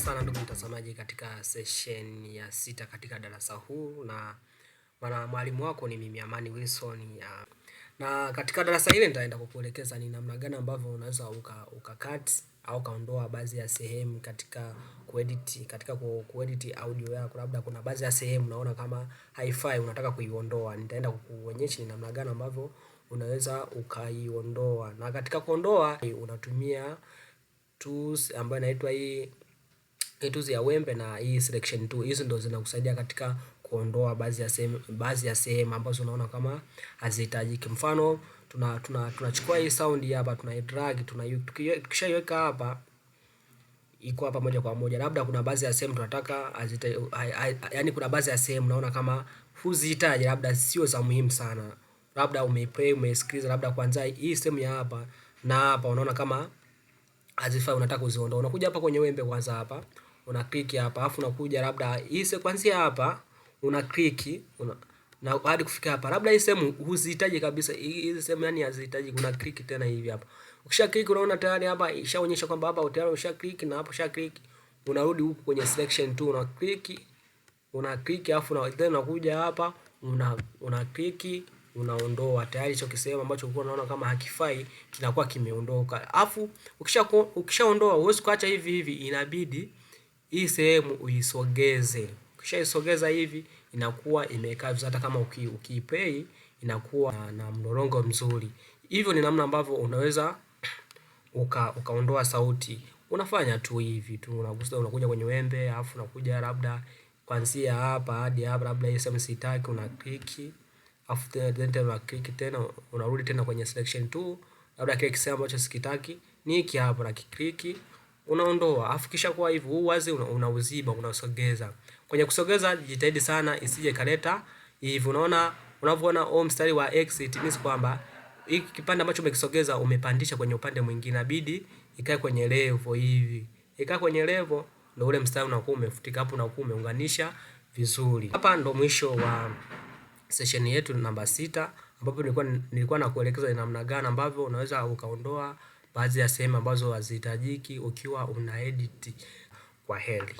sana ndugu mtazamaji, katika session ya sita katika darasa huu na mwana mwalimu wako ni mimi Amani Wilson ya. Na katika darasa hili nitaenda kukuelekeza ni namna gani ambavyo unaweza uka, uka cut au kaondoa baadhi ya sehemu katika kuedit katika kuedit audio yako. Labda kuna baadhi ya sehemu naona kama haifai unataka kuiondoa, nitaenda kukuonyesha ni namna gani ambavyo unaweza ukaiondoa, na katika kuondoa unatumia tools ambayo inaitwa hii a ya wembe na hii selection 2 hizo ndo zinakusaidia katika kuondoa baadhi ya sehemu baadhi ya sehemu ambazo unaona kama hazihitajiki. Mfano tuna tuna tunachukua hii sound hapa tuna drag tuna tukishaiweka hapa iko hapa moja kwa moja. Labda kuna baadhi ya sehemu tunataka azita, yani kuna baadhi ya sehemu naona kama huzihitaji, labda sio za muhimu sana, labda umeplay umesikiliza, labda kwanza hii sehemu ya hapa na hapa unaona kama hazifai, unataka uziondoe, unakuja hapa kwenye wembe kwanza hapa una click hapa, afu unakuja labda hii sequence hapa una click una, na hadi kufika hapa, labda hii sehemu huzihitaji kabisa, hii sehemu yani hazihitaji, una click tena hivi hapa. Ukisha click unaona tayari hapa ishaonyesha kwamba hapa tayari usha click na hapo usha click, unarudi huku kwenye selection tu una click una click, afu na then unakuja hapa una una click unaondoa tayari hicho kisehemu ambacho ulikuwa unaona kama hakifai kinakuwa kimeondoka. Afu ukisha ukishaondoa, huwezi kuacha hivi hivi, inabidi hii sehemu uisogeze. Ukishaisogeza hivi inakuwa imekaa vizuri, hata kama uki, ukiipei inakuwa na, na mlolongo mzuri. Hivyo ni namna ambavyo unaweza uka ukaondoa sauti. Unafanya tu hivi tu, unagusa unakuja kwenye wembe, alafu unakuja labda kuanzia hapa hadi hapa, labda hii sehemu sitaki, una click afu tena tena una click tena, unarudi tena kwenye selection tool, labda kile kisehemu ambacho sikitaki ni hiki hapa, na kiclick unaondoa afu kisha kwa hivyo huu wazi unauziba una unasogeza. Kwenye kusogeza jitahidi sana isije kaleta hivi, Unaona unavyoona huu mstari wa exit means kwamba hiki kipande ambacho umekisogeza umepandisha kwenye upande mwingine, inabidi ikae kwenye levo hivi. Ikae kwenye levo, ndio ule mstari unakuwa umefutika hapo, unakuwa umeunganisha vizuri. Hapa ndo mwisho wa session yetu namba sita ambapo nilikuwa nilikuwa nakuelekeza ni namna gani ambavyo unaweza ukaondoa baadhi ya sehemu ambazo hazihitajiki ukiwa una edit. kwa heri.